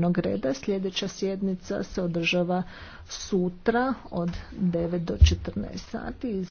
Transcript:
dnevnog reda. Sljedeća sjednica se održava sutra od 9 do 14 sati.